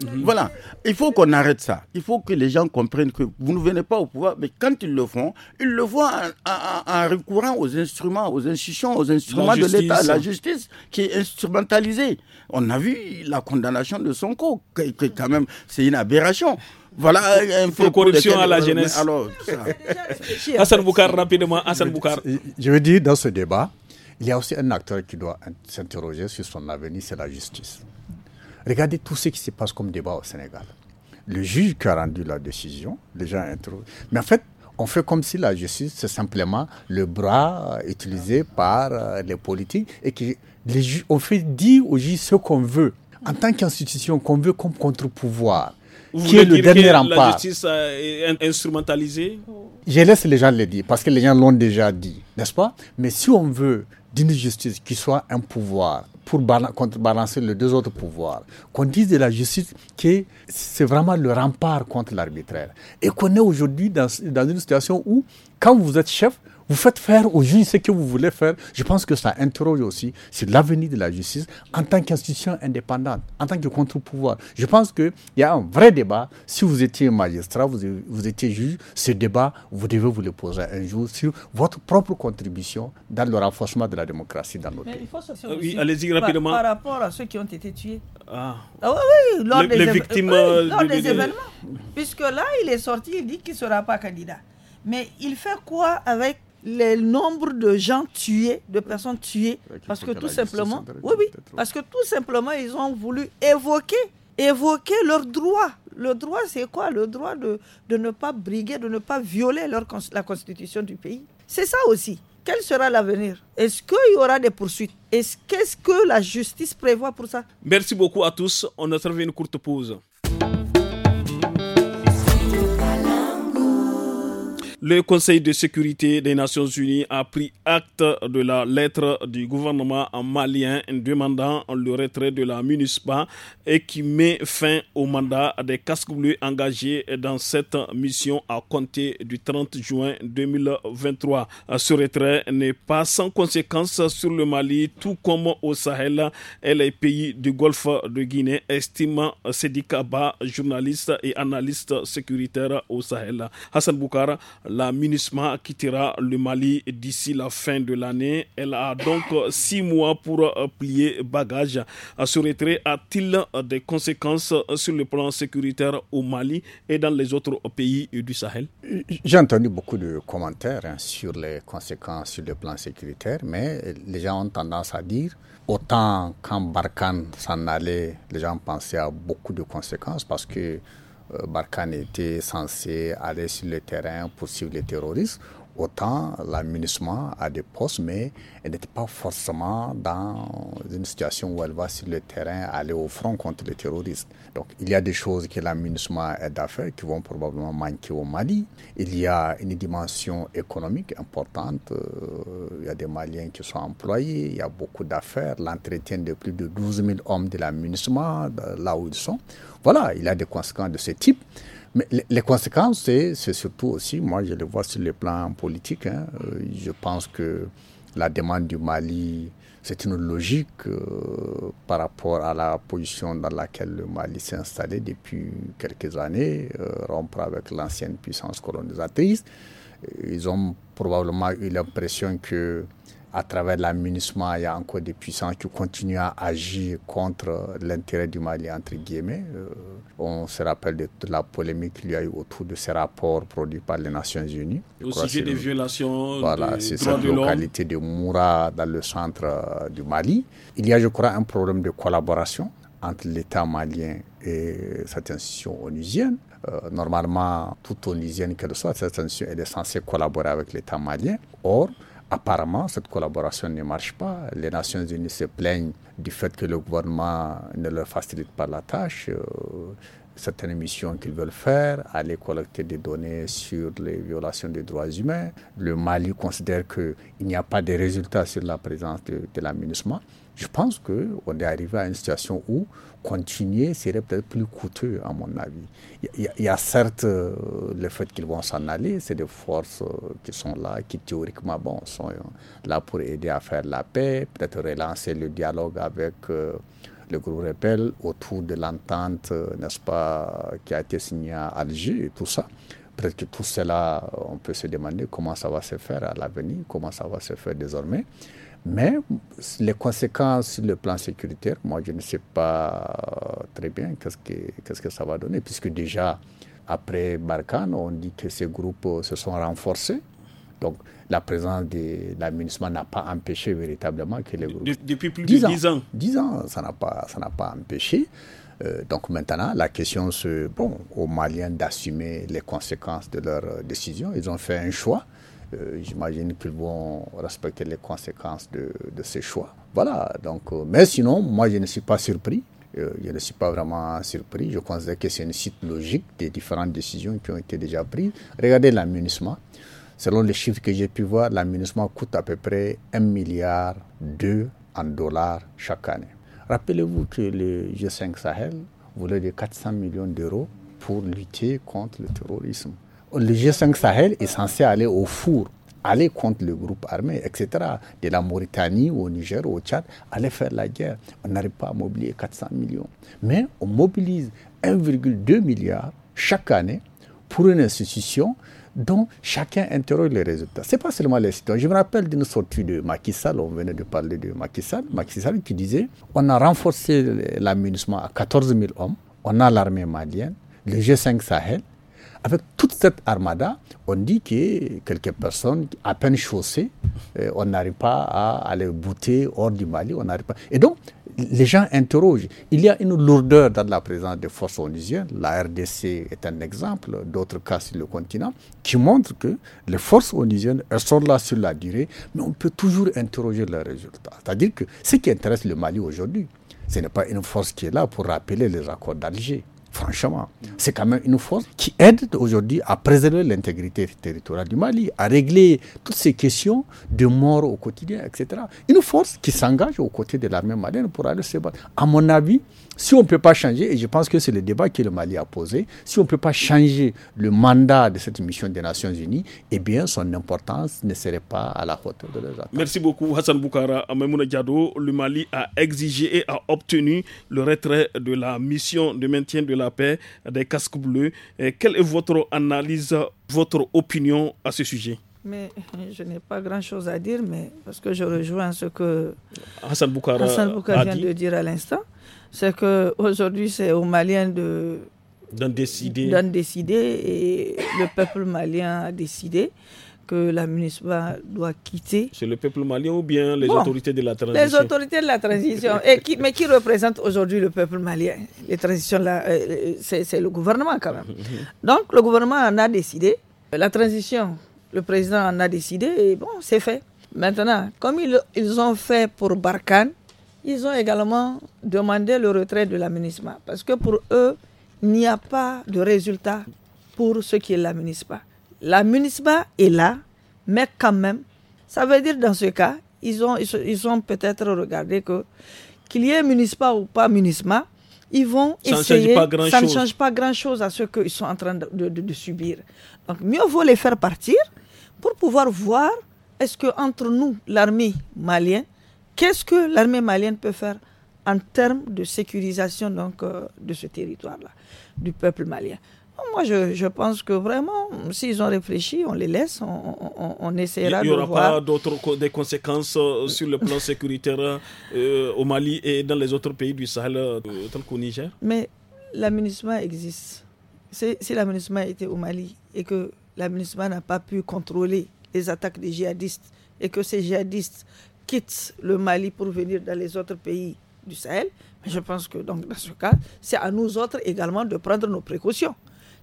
Mhm. Voilà. Il faut qu'on arrête ça. Il faut que les gens comprennent que vous ne venez pas au pouvoir, mais quand ils le font, ils le voient en, recourant aux instruments, aux institutions, aux instruments de l'État, la justice qui est instrumentalisée. On a vu la condamnation de Sonko, qui, que quand même, c'est une aberration. Voilà un corruption à la jeunesse. Alors, <laughs> Hassan Boukar, rapidement, Hassan Boukar. Je veux dire, dans ce débat, il y a aussi un acteur qui doit s'interroger sur son avenir, c'est la justice. Regardez tout ce qui se passe comme débat au Sénégal. Le juge qui a rendu la décision, les gens Mais en fait, on fait comme si la justice, c'est simplement le bras euh, utilisé par euh, les politiques et que les on fait dire aux juges ce qu'on veut. En tant qu'institution, qu'on veut comme contre-pouvoir. qui est le dire dernier rempart. La justice euh, est instrumentalisée Je laisse les gens le dire parce que les gens l'ont déjà dit, n'est-ce pas Mais si on veut d'une justice qui soit un pouvoir, pour contrebalancer les deux autres pouvoirs. Qu'on dise de la justice que c'est vraiment le rempart contre l'arbitraire. Et qu'on est aujourd'hui dans, dans une situation où, quand vous êtes chef, vous faites faire aux juges ce que vous voulez faire. Je pense que ça interroge aussi sur l'avenir de la justice en tant qu'institution indépendante, en tant que contre-pouvoir. Je pense qu'il y a un vrai débat. Si vous étiez magistrat, vous, étiez juge, ce débat, vous devez vous le poser un jour sur votre propre contribution dans le renforcement de la démocratie dans notre pays. Il faut se euh, oui, allez-y rapidement. Par, rapport à ceux qui ont été tués. Ah, ah oui, lors des, les victimes euh, lors des événements. Puisque là, il est sorti, il dit qu'il ne sera pas candidat. Mais il fait quoi avec les nombres de gens tués, de personnes tuées, parce que tout simplement, oui, oui, parce que tout simplement, ils ont voulu évoquer, évoquer droit. Le droit, c'est quoi Le droit de, ne pas briguer, de ne pas violer leur, la constitution du pays. C'est ça aussi. Quel sera l'avenir Est-ce qu'il y aura des poursuites Qu'est-ce que la justice prévoit pour ça Merci beaucoup à tous. On a trouvé une courte pause. Le Conseil de sécurité des Nations Unies a pris acte de la lettre du gouvernement malien demandant le retrait de la MINUSPA et qui met fin au mandat des casques bleus engagés dans cette mission à compter du 30 juin 2023. Ce retrait n'est pas sans conséquence sur le Mali, tout comme au Sahel et les pays du Golfe de Guinée, estime Kaba, journaliste et analyste sécuritaire au Sahel. Hassan Boukara, la MINUSMA quittera le Mali d'ici la fin de l'année. Elle a donc euh, six mois pour euh, plier bagage. Ce retrait a-t-il des conséquences euh, sur le plan sécuritaire au Mali et dans les autres pays du Sahel J'ai entendu beaucoup de commentaires hein, sur les conséquences sur le plan sécuritaire, mais les gens ont tendance à dire autant quand Barkhane s'en allait, les gens pensaient à beaucoup de conséquences parce que euh, Barkhane était censé aller sur le terrain pour suivre les terroristes. Autant la a des postes, mais elle n'est pas forcément dans une situation où elle va sur le terrain aller au front contre les terroristes. Donc il y a des choses que la a d'affaires qui vont probablement manquer au Mali. Il y a une dimension économique importante. Euh, il y a des Maliens qui sont employés, il y a beaucoup d'affaires, l'entretien de plus de 12 000 hommes de la là où ils sont. Voilà, il y a des conséquences de ce type. Mais les conséquences, c'est surtout aussi, moi je le vois sur le plan politique, hein. euh, je pense que la demande du Mali, c'est une logique euh, par rapport à la position dans laquelle le Mali s'est installé depuis quelques années, euh, rompre avec l'ancienne puissance colonisatrice. Ils ont probablement eu l'impression que à travers l'amunissement, il y a encore des puissances qui continuent à agir contre l'intérêt du Mali, entre guillemets. Euh, on se rappelle de, toute la polémique qu'il y a eu autour de ces rapports produits par les Nations Unies. Au sujet des violations des droits cette la localité de Moura, dans le centre euh, du Mali. Il y a, je crois, un problème de collaboration entre l'État malien et cette institution onusienne. Euh, normalement, toute onusienne qu'elle soit, cette institution est censée collaborer avec l'État malien. Or, apparemment, cette collaboration ne marche pas. Les Nations Unies se plaignent du fait que le gouvernement ne leur facilite pas la tâche. Euh, certaines missions qu'ils veulent faire, aller collecter des données sur les violations des droits humains. Le Mali considère qu'il n'y a pas de résultats sur la présence de, de la Je pense qu'on est arrivé à une situation où continuer serait peut-être plus coûteux, à mon avis. Il y, a certes euh, le fait qu'ils vont s'en aller, c'est des forces euh, qui sont là, qui théoriquement bon, sont euh, là pour aider à faire la paix, peut-être relancer le dialogue avec le groupe Repel autour de l'entente, n'est-ce pas, qui a été signée à Alger et tout ça. Peut-être que tout cela, on peut se demander comment ça va se faire à l'avenir, comment ça va se faire désormais. Mais les conséquences sur le plan sécuritaire, moi je ne sais pas euh, très bien qu'est-ce que, que ça va donner, puisque déjà après Barkhane, on dit que ces groupes euh, se sont renforcés. Donc la présence de l'aménagement n'a pas empêché véritablement que les groupes... depuis plus de 10 ans. 10 ans, ça n'a pas, ça n'a pas empêché. Euh, donc maintenant, la question c'est bon, aux Maliens d'assumer les conséquences de leur décision. Ils ont fait un choix. Euh, j'imagine qu'ils vont respecter les conséquences de, de ces choix. Voilà, donc, euh, mais sinon, moi, je ne suis pas surpris. Euh, je ne suis pas vraiment surpris. Je considère que c'est une suite logique des différentes décisions qui ont été déjà prises. Regardez l'amunissement. Selon les chiffres que j'ai pu voir, l'amunissement coûte à peu près 1 milliard 2 en dollars chaque année. Rappelez-vous que le G5 Sahel voulait des 400 millions d'euros pour lutter contre le terrorisme le G5 Sahel est censé aller au four, aller contre le groupe armé, etc. De la Mauritanie au Niger, au Tchad, aller faire la guerre. On n'arrive pas à mobiliser 400 millions. Mais on mobilise 1,2 milliard chaque année pour une institution dont chacun interroge les résultats. Ce n'est pas seulement les citoyens. Je me rappelle d'une sortie de Macky Sall, on venait de parler de Macky Sall, Macky Sall qui disait on a renforcé l'aménagement à 14 000 hommes, on a l'armée malienne, le G5 Sahel, avec toute cette armada, on dit que quelques personnes, à peine chaussées, euh, on n'arrive pas à aller bouter hors du Mali, on n'arrive pas. Et donc, les gens interrogent. Il y a une lourdeur dans la présence des forces onusiennes. La RDC est un exemple, d'autres cas sur le continent, qui montrent que les forces onusiennes, elles sont là sur la durée, mais on peut toujours interroger leurs résultats. C'est-à-dire que ce qui intéresse le Mali aujourd'hui, ce n'est pas une force qui est là pour rappeler les accords d'Alger. Franchement, c'est quand même une force qui aide aujourd'hui à préserver l'intégrité territoriale du Mali, à régler toutes ces questions de mort au quotidien, etc. Une force qui s'engage aux côtés de l'armée malienne pour aller se battre. À mon avis, si on ne peut pas changer, et je pense que c'est le débat que le Mali a posé, si on ne peut pas changer le mandat de cette mission des Nations Unies, eh bien son importance ne serait pas à la hauteur de leurs Merci beaucoup Hassan Boukara. Diado, le Mali a exigé et a obtenu le retrait de la mission de maintien de la paix des casques bleus. quelle est votre analyse, votre opinion à ce sujet mais <laughs> je n'ai pas grand-chose à dire, mais parce que je rejoins ce que Hassan Boukara, vient de dire à l'instant, c'est que aujourd'hui c'est aux Maliens de d'en décider. décider. et le peuple malien a décidé que la MINUSMA doit quitter. C'est le peuple malien ou bien les autorités de la transition Les autorités de la transition. mais qui représente aujourd'hui le peuple malien Les transitions, là, euh, c'est le gouvernement quand même. <laughs> Donc le gouvernement en a décidé. La transition le président en a décidé et bon, c'est fait. Maintenant, comme ils, ont fait pour Barkhane, ils ont également demandé le retrait de l'amnistie. Parce que pour eux, il n'y a pas de résultat pour ce qui est la MUNISMA. La est là, mais quand même, ça veut dire dans ce cas, ils ont, ils peut-être regardé que qu'il y ait MUNISMA ou pas amnistie, ils vont ça essayer. Ne ça ne change pas grand-chose à ce qu'ils sont en train de, de subir. Donc, mieux vaut les faire partir pour pouvoir voir est-ce que entre nous, l'armée malienne, qu'est-ce que l'armée malienne peut faire en termes de sécurisation donc, euh, de ce territoire-là, du peuple malien. Moi, je, pense que vraiment, s'ils ont réfléchi, on les laisse, on, on, essaiera de voir. Il n'y aura pas d'autres des conséquences euh, sur le plan sécuritaire euh, au Mali et dans les autres pays du Sahel, tel qu'au Niger Mais l'aménagement existe. Si l'aménagement était au Mali et que la n'a pas pu contrôler les attaques des djihadistes et que ces djihadistes quittent le Mali pour venir dans les autres pays du Sahel, mais je pense que donc, dans ce cas, c'est à nous autres également de prendre nos précautions.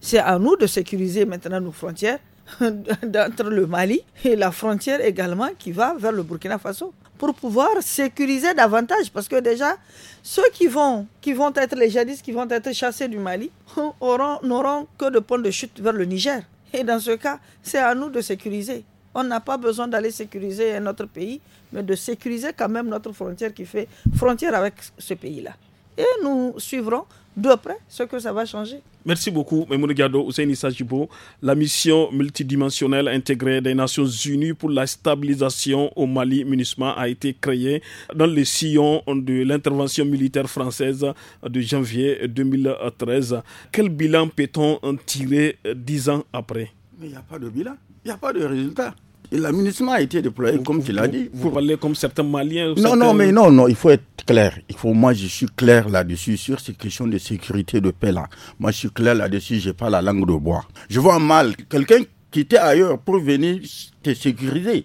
C'est à nous de sécuriser maintenant nos frontières <laughs> entre le Mali et la frontière également qui va vers le Burkina Faso pour pouvoir sécuriser davantage parce que déjà ceux qui vont qui vont être les djihadistes qui vont être chassés du Mali <laughs> n'auront que de points de chute vers le Niger et dans ce cas, c'est à nous de sécuriser. On n'a pas besoin d'aller sécuriser un autre pays, mais de sécuriser quand même notre frontière qui fait frontière avec ce pays-là. Et nous suivrons de près ce que ça va changer. Merci beaucoup, Memoun Gado, Ousseini Sajibo. La mission multidimensionnelle intégrée des Nations Unies pour la stabilisation au Mali, MINUSMA, a été créée dans le sillon de l'intervention militaire française de janvier 2013. Quel bilan peut-on tirer dix ans après Il n'y a pas de bilan, il n'y a pas de résultat ministre a été déployé, comme tu l'as dit. Vous, parlez comme certains Maliens. non, non, mais non, non, il faut être clair. Il faut, moi, je suis clair là-dessus, sur ces questions de sécurité de paix Moi, je suis clair là-dessus, je n'ai pas la langue de bois. Je vois mal quelqu'un qui était ailleurs pour venir sécurisé.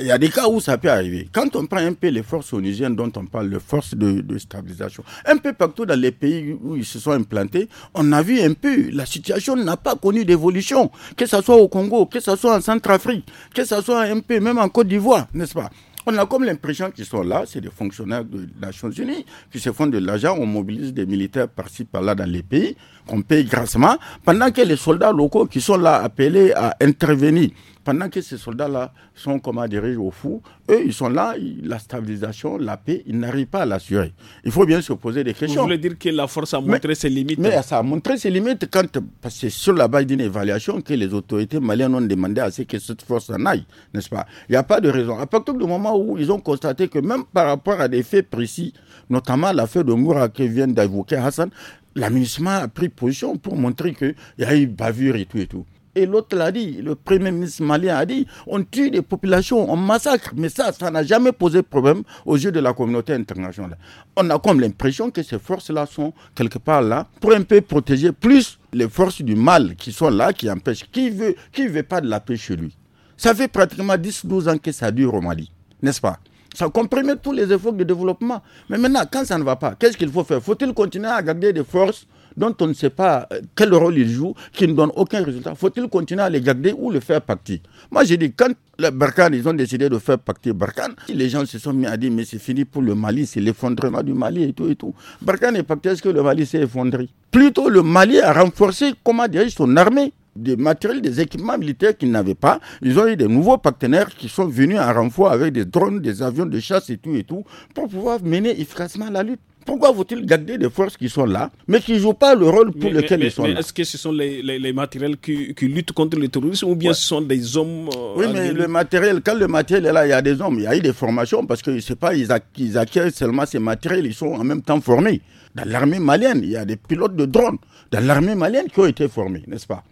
Il y a des cas où ça peut arriver. Quand on prend un peu les forces onusiennes dont on parle, les forces de, stabilisation, un peu partout dans les pays où ils se sont implantés, on a vu un peu, la situation n'a pas connu d'évolution, que ce soit au Congo, que ce soit en Centrafrique, que ce soit un peu même en Côte d'Ivoire, n'est-ce pas on a comme l'impression qu'ils sont là, c'est des fonctionnaires des Nations Unies qui se font de l'argent, on mobilise des militaires par-ci, par-là dans les pays qu'on paye grassement, pendant que les soldats locaux qui sont là appelés à intervenir, pendant que ces soldats-là sont, comme dirais au fou, eux, ils sont là, la stabilisation, la paix, ils n'arrivent pas à l'assurer. Il faut bien se poser des questions. Vous voulez dire que la force a montré ses limites Mais ça a montré ses limites quand, c'est sur la base d'une évaluation que les autorités maliennes ont demandé à ce que cette force en aille, n'est-ce pas Il n'y a pas de raison. À partir du moment où ils ont constaté que même par rapport à des faits précis, notamment l'affaire de Moura que vient d'évoquer Hassan, l'aménagement a pris position pour montrer qu'il y a eu bavure et tout et tout. Et l'autre l'a dit, le premier ministre malien a dit, on tue des populations, on massacre, mais ça, ça n'a jamais posé problème aux yeux de la communauté internationale. On a comme l'impression que ces forces-là sont quelque part là pour un peu protéger plus les forces du mal qui sont là, qui empêchent. Qui veut, qui veut pas de la paix chez lui Ça fait pratiquement 10-12 ans que ça dure au Mali, n'est-ce pas ça compromet tous les efforts de développement. Mais maintenant, quand ça ne va pas, qu'est-ce qu'il faut faire Faut-il continuer à garder des forces dont on ne sait pas euh, quel rôle ils jouent, qui ne donnent aucun résultat Faut-il continuer à les garder ou les faire partir Moi, j'ai dit, quand les Barkhane, ils ont décidé de faire partir Barkhane, les gens se sont mis à dire, mais c'est fini pour le Mali, c'est l'effondrement du Mali et tout et tout. Barkhane est parti, est-ce que le Mali s'est effondré Plutôt, le Mali a renforcé, comment dirige son armée des matériels, des équipements militaires qu'ils n'avaient pas. Ils ont eu des nouveaux partenaires qui sont venus en renfort avec des drones, des avions de chasse et tout et tout pour pouvoir mener efficacement la lutte. Pourquoi faut-il garder des forces qui sont là, mais qui ne jouent pas le rôle pour lequel ils sont là Est-ce que ce sont les, les, matériels qui, qui, luttent contre le terrorisme ou bien ce sont des hommes euh, Oui, mais le matériel, quand le matériel est là, il y a des hommes, il y a eu des formations parce que, je sais pas, ils, ils acquièrent seulement ces matériels, ils sont en même temps formés. Dans l'armée malienne, il y a des pilotes de drones, dans l'armée malienne qui ont été formés, n'est-ce pas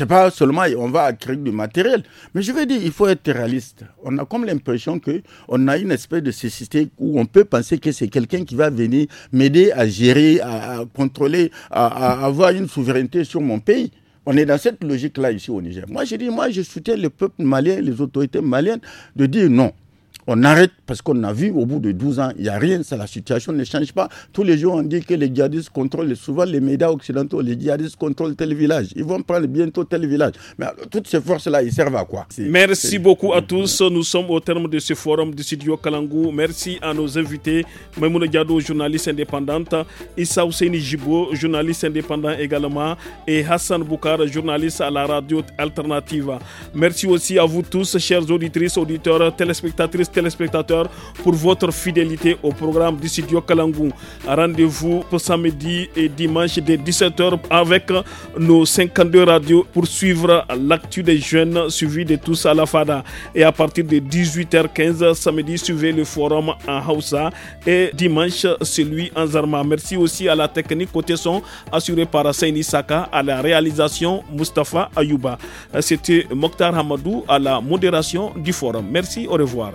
n'est pas seulement on va créer du matériel, mais je veux dire, il faut être réaliste. On a comme l'impression que on a une espèce de cécité où on peut penser que c'est quelqu'un qui va venir m'aider à gérer, à, contrôler, à, à, avoir une souveraineté sur mon pays. On est dans cette logique-là ici au Niger. Moi, je dis, moi, je soutiens le peuple malien, les autorités maliennes, de dire non on arrête parce qu'on a vu au bout de 12 ans, il n'y a rien, ça, la situation ne change pas. Tous les jours, on dit que les djihadistes contrôlent souvent les médias occidentaux, les djihadistes contrôlent tel village. Ils vont prendre bientôt tel village. Mais toutes ces forces-là, ils servent à quoi Merci beaucoup à tous. Nous sommes au terme de ce forum du studio Kalangu. Merci à nos invités, Maimouna Diado, journaliste indépendante, Issa Ousseini Jibo, journaliste indépendant également, et Hassan Boukar, journaliste à la radio alternative. Merci aussi à vous tous, chers auditrices, auditeurs, téléspectatrices, spectateurs pour votre fidélité au programme du studio Kalangou. Rendez-vous pour samedi et dimanche dès 17h avec nos 52 radios pour suivre l'actu des jeunes suivis de tous à la FADA. Et à partir de 18h15, samedi, suivez le forum en Hausa et dimanche, celui en Zarma. Merci aussi à la technique côté son assurée par Saini Saka, à la réalisation Mustafa Ayouba. C'était Mokhtar Hamadou à la modération du forum. Merci, au revoir.